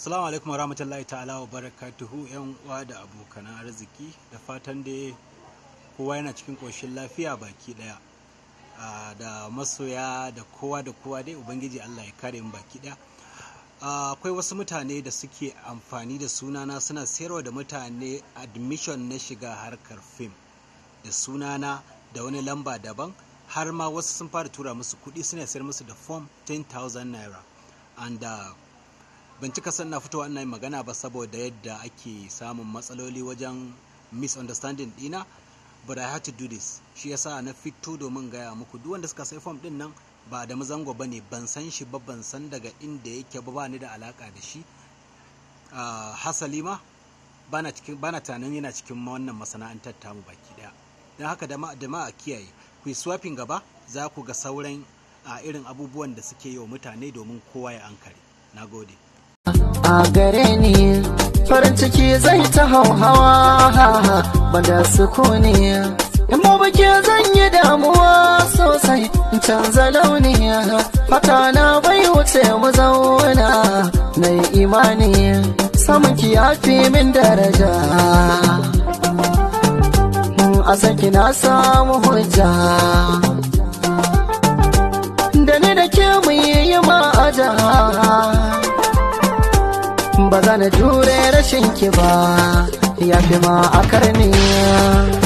Assalamu alaikum warahmatullahi ta'ala wa barakatuhu yan uwa da abokan arziki da fatan da kowa yana cikin koshin lafiya baki daya da masoya da kowa da kowa dai ubangiji Allah ya kare mu baki daya akwai wasu mutane da suke amfani da sunana suna sayarwa da mutane admission na shiga harkar fim da sunana da wani lamba daban har ma wasu sun fara tura musu kuɗi suna sayar musu da form 10,000 naira and uh, ban cika san na fitowa ina magana ba saboda yadda ake samun matsaloli wajen misunderstanding dina but I had to do this shi yasa na fito domin gaya muku duk wanda suka sai form din nan ba da mazango ba ne ban san shi ba ban san daga inda yake ba ba ni da alaka da shi ah, hasali ma bana cikin tunanin yana cikin wannan masana'antar tamu baki daya don haka da ma a kiyaye ku swapping gaba za ku ga sauran a ah, irin abubuwan da suke yi wa mutane domin kowa ya ankare na gode a gare ni farin ciki zai ta hauhawa da sukuni in mu bike zan yi damuwa sosai in canza launi fata na bai wuce mu zauna na yi imani samun kiyafi min daraja a saki na samu hujja da ni da ke mu yi ba zan jure rashin ki ba ya fi ma a niya